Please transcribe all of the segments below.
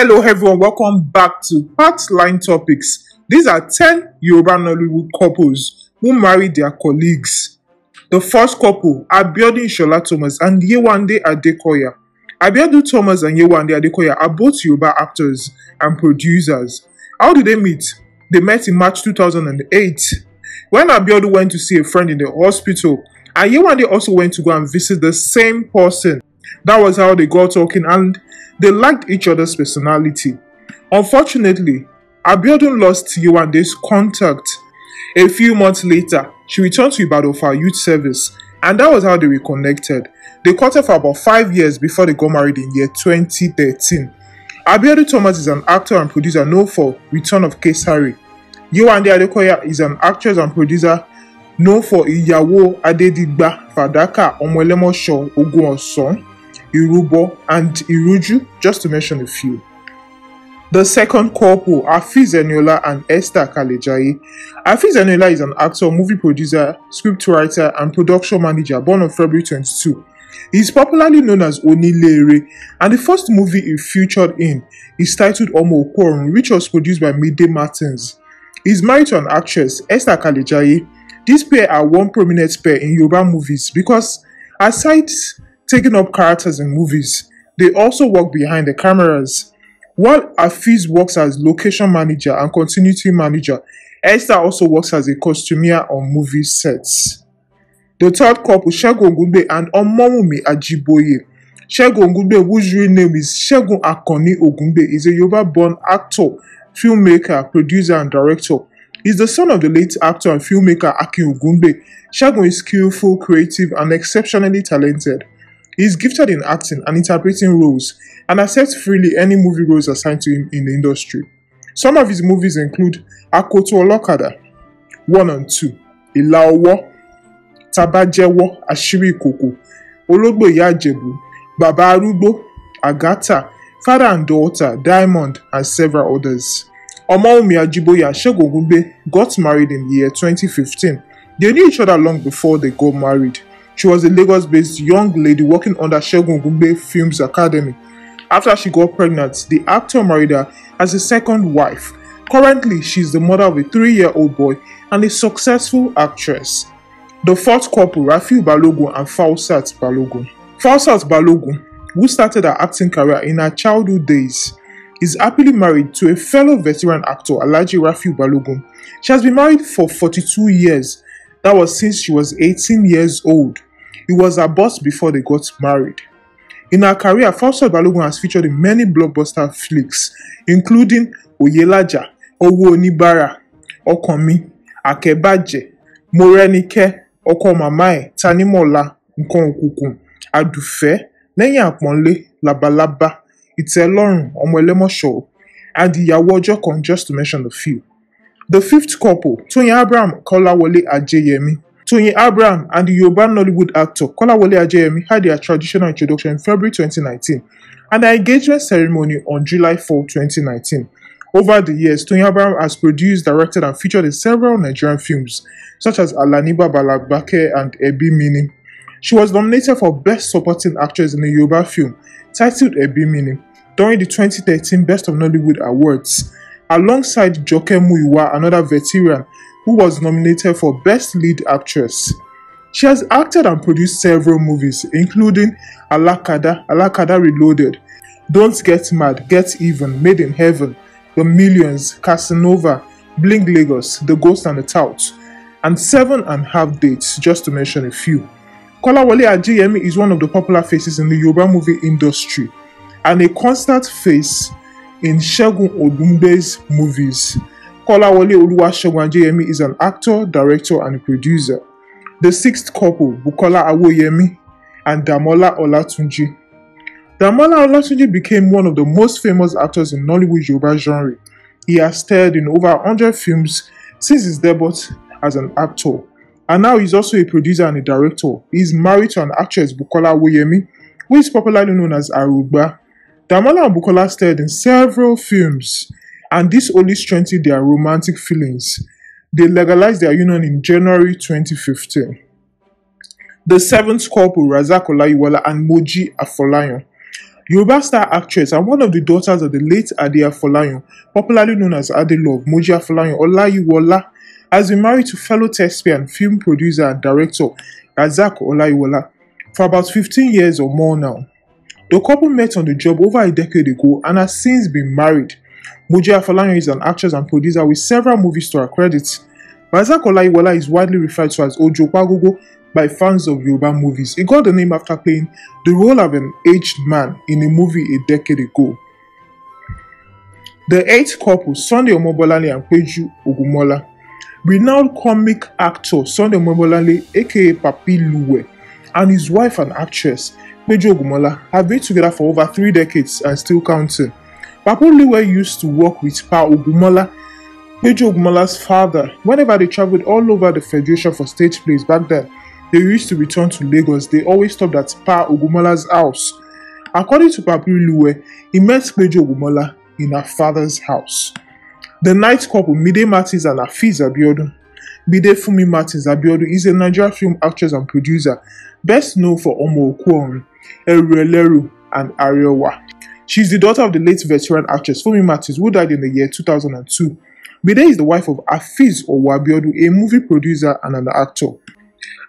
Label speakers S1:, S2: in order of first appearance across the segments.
S1: Hello everyone, welcome back to Part Line Topics. These are 10 Yoruba Nollywood couples who married their colleagues. The first couple, Abiodun Shola Thomas and Yewande Adekoya. Abiodun Thomas and Yewande Adekoya are both Yoruba actors and producers. How did they meet? They met in March 2008. When Abiodun went to see a friend in the hospital, and Yewande also went to go and visit the same person. That was how they got talking and they liked each other's personality. Unfortunately, Abiodun lost Yuande's contact. A few months later, she returned to Ibadan for youth service and that was how they reconnected. They courted for about 5 years before they got married in year 2013. Abiodun Thomas is an actor and producer known for Return of Kesari. Yewande Adekoya is an actress and producer known for Iyawo Adedigba Fadaka Omolemosho Ogun Song. Irubo, and Iruju, just to mention a few. The second couple, Afiz Eniola and Esther Kalejai. Afiz Eniola is an actor, movie producer, scriptwriter, and production manager born on February 22. He is popularly known as Oni Lere. and the first movie he featured in is titled Omo Okorun, which was produced by Midday Martins. He is married to an actress, Esther Kalejai. This pair are one prominent pair in Yoruba movies because, aside taking up characters in movies. They also work behind the cameras. While Afiz works as location manager and continuity manager, Esther also works as a costumier on movie sets. The third couple, Shegun Gugbe and Omomumi Ajiboye. Shegun Gugbe, whose real name is Shegun Akoni Ogungbe, is a Yoruba-born actor, filmmaker, producer, and director. He's the son of the late actor and filmmaker Akin Ogungbe. Shegun is skillful, creative, and exceptionally talented. He is gifted in acting and interpreting roles and accepts freely any movie roles assigned to him in the industry. Some of his movies include Akoto Olokada 1 and 2, Ilaowo, Tabajewo, Ashiri Koko, Ologbo Yajebu, Baba Arugbo, Agata, Father and Daughter, Diamond, and several others. Omaumi Ajiboye Shegogumbe got married in the year 2015. They knew each other long before they got married. She was a Lagos based young lady working under Shegun Gumbe Films Academy. After she got pregnant, the actor married her as his second wife. Currently, she is the mother of a three year old boy and a successful actress. The fourth couple, Rafi Balogun and Fawcett Balogun. Falsat Balogun, who started her acting career in her childhood days, is happily married to a fellow veteran actor, Alaji Rafi Balogun. She has been married for 42 years. That was since she was 18 years old. He was her boss before they got married. In her career, Fawcett Balogun has featured in many blockbuster flicks, including Oyelaja, Owo Onibara, Okanmi, Akebaje, Morenike, Okomamae, Tanimola, Ẹ̀, Tanimọ̀lá, Nǹkan Òkùnkùn, Àdùfẹ́, Lẹ́yìn Àpọ́nlé, Labalábá, Ìtẹ́lọ́rùn, Ọmọ and Ìyàwó Ọjọ́ Kan just to mention a few. The fifth couple, Tóyìn Abraham Kola Kọ́láwọlé Ajéyẹmí, Tony Abraham and the Yoruba Nollywood actor Kolawole Ajayemi had their traditional introduction in February 2019 and their engagement ceremony on July 4, 2019. Over the years, Tony Abraham has produced, directed, and featured in several Nigerian films, such as Alaniba Balagbake and Ebi Mini. She was nominated for Best Supporting Actress in a Yoruba film, titled Ebi Mini, during the 2013 Best of Nollywood Awards alongside Joke Muiwa, another veteran who was nominated for Best Lead Actress. She has acted and produced several movies, including Alakada, Alakada Reloaded, Don't Get Mad, Get Even, Made in Heaven, The Millions, Casanova, Blink Lagos, The Ghost and the Tout, and Seven and Half Dates, just to mention a few. Kolawole Ajayemi is one of the popular faces in the Yoruba movie industry and a constant face in Shagun Odumbe's movies. Kolawole Shagun Ajayemi is an actor, director, and producer. The sixth couple, Bukola Awoyemi and Damola Olatunji. Damola Olatunji became one of the most famous actors in Nollywood Yoruba genre. He has starred in over 100 films since his debut as an actor. And now he's also a producer and a director. He is married to an actress, Bukola Awoyemi, who is popularly known as Aruba. Damola and Bukola starred in several films, and this only strengthened their romantic feelings. They legalized their union in January 2015. The seventh couple, Razak Olayiwola and Moji Afolayan, Yoruba star actress and one of the daughters of the late Ade Afolayan, popularly known as Ade Love, Moji Afolayan Olayiwola, has been married to fellow thespian, film producer and director Razak Olayiwola for about 15 years or more now. The couple met on the job over a decade ago and has since been married. Mujia Falanyo is an actress and producer with several movies to her credit. Razak Olaiwala is widely referred to as Ojo Pagogo by fans of Yoruba movies. He got the name after playing the role of an aged man in a movie a decade ago. The eighth couple, Sunday Omobolale and Peju Ogumola, renowned comic actor Sunday Omobolale aka Papi Luwe and his wife and actress Meji Ogumola, have been together for over three decades and still counting. Papa were used to work with Pa Ogumola, Meji Ogumola's father. Whenever they traveled all over the Federation for stage plays back then, they used to return to Lagos. They always stopped at Pa Ogumola's house. According to Papiriluwe, he met Meji Ogumola in her father's house. The night couple, Mide Martins and Afiz Abiodun, Mide Fumi Martins Abiodun is a Nigerian film actress and producer, best known for Omo Okwon. Erueleru, and Ariowa. She is the daughter of the late veteran actress Fumi Matthews, who died in the year 2002. Bide is the wife of Afiz Owabiodu, a movie producer and an actor.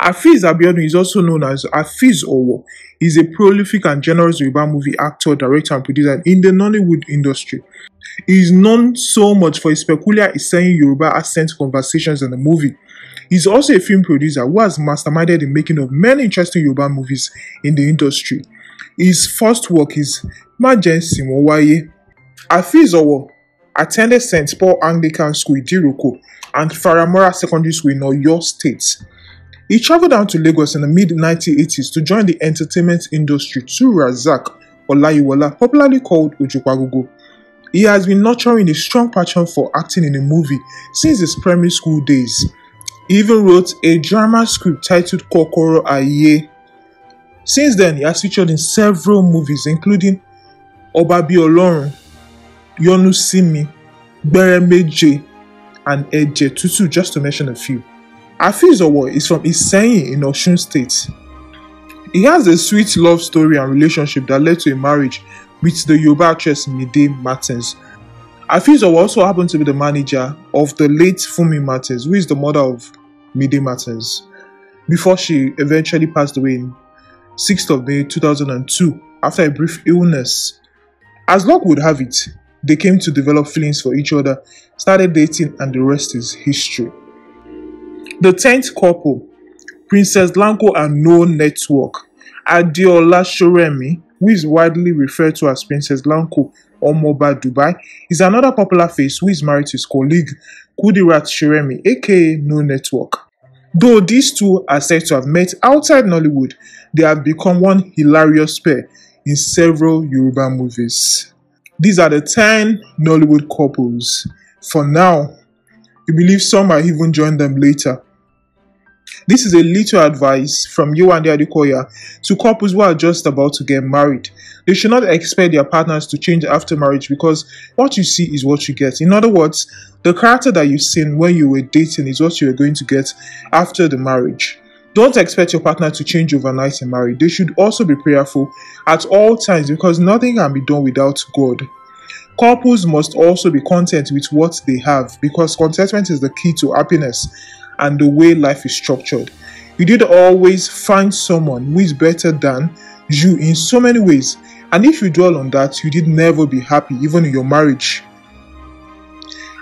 S1: Afiz Abiodun is also known as Afiz Owo. is a prolific and generous Yoruba movie actor, director, and producer in the Nollywood industry. He is known so much for his peculiar Iseyin Yoruba accent conversations in the movie. He's also a film producer who has masterminded the making of many interesting Yoruba movies in the industry. His first work is Majen Simowaye. Afiz attended St. Paul Anglican School in Jiroko and Faramora Secondary School in Oyo State. He traveled down to Lagos in the mid 1980s to join the entertainment industry through Razak Olayiwola, popularly called Ojukwagogo. He has been nurturing a strong passion for acting in a movie since his primary school days even wrote a drama script titled Kokoro Aye. Since then, he has featured in several movies, including Obabi Olorun, Yonu Simi, Beremeje, and Eje Tutu, just to mention a few. Afiz Owo is from Iseyin in Osun State. He has a sweet love story and relationship that led to a marriage with the Yoruba actress Mide Martins. Afiz Owo also happened to be the manager of the late Fumi Martins, who is the mother of Midday Matters before she eventually passed away in 6th of May 2002 after a brief illness. As luck would have it, they came to develop feelings for each other, started dating, and the rest is history. The 10th couple, Princess Lanko and No Network, Adiola Shoremi, who is widely referred to as Princess Lanko or Dubai, is another popular face who is married to his colleague Kudirat Sheremi, aka No Network. Though these two are said to have met outside Nollywood, they have become one hilarious pair in several Yoruba movies. These are the 10 Nollywood couples. For now, we believe some might even join them later. This is a little advice from you and the Adikoya to couples who are just about to get married. They should not expect their partners to change after marriage because what you see is what you get. In other words, the character that you've seen when you were dating is what you are going to get after the marriage. Don't expect your partner to change overnight in marriage. They should also be prayerful at all times because nothing can be done without God. Couples must also be content with what they have because contentment is the key to happiness and the way life is structured. You did always find someone who is better than you in so many ways, and if you dwell on that, you did never be happy, even in your marriage.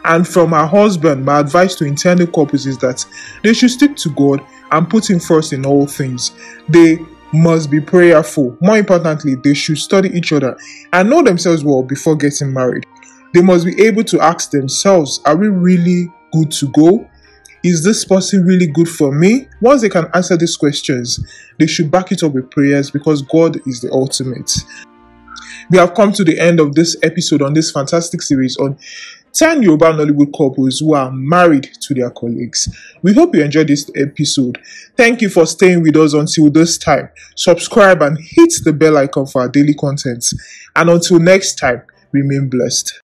S1: And from her husband, my advice to intended couples is that they should stick to God and put Him first in all things. They must be prayerful. More importantly, they should study each other and know themselves well before getting married. They must be able to ask themselves, Are we really good to go? Is this person really good for me? Once they can answer these questions, they should back it up with prayers because God is the ultimate. We have come to the end of this episode on this fantastic series on 10 Yoruba Nollywood couples who are married to their colleagues. We hope you enjoyed this episode. Thank you for staying with us until this time. Subscribe and hit the bell icon for our daily content. And until next time, remain blessed.